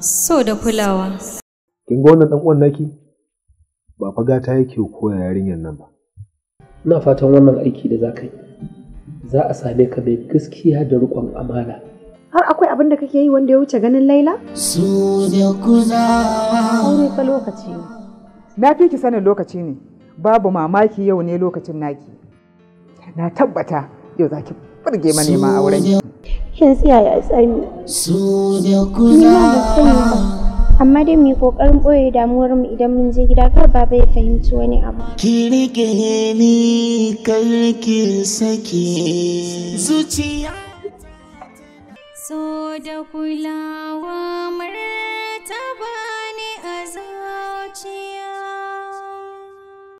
so da kulawa. Kin ga wannan ɗan uwan naki? Ba fa gata yake koya yarinyar nan ba. Ina fatan wannan aiki da za ka yi. Za a same ka mai gaskiya da riƙon amana. Har akwai abin da kake yi wanda ya wuce ganin Laila? Su da kuzawa. Aure fa lokaci ne. Na fi ki sanin lokaci ne. Babu mamaki yau ne lokacin naki. Na tabbata yau za ki burge manema auren. yanzu yaya tsami su da amma dai mu kokarin boye damuwar mu idan mun je gida kar baba ya fahimci wani abu. Ki rike ni karki saki zuciya. So da kulawa.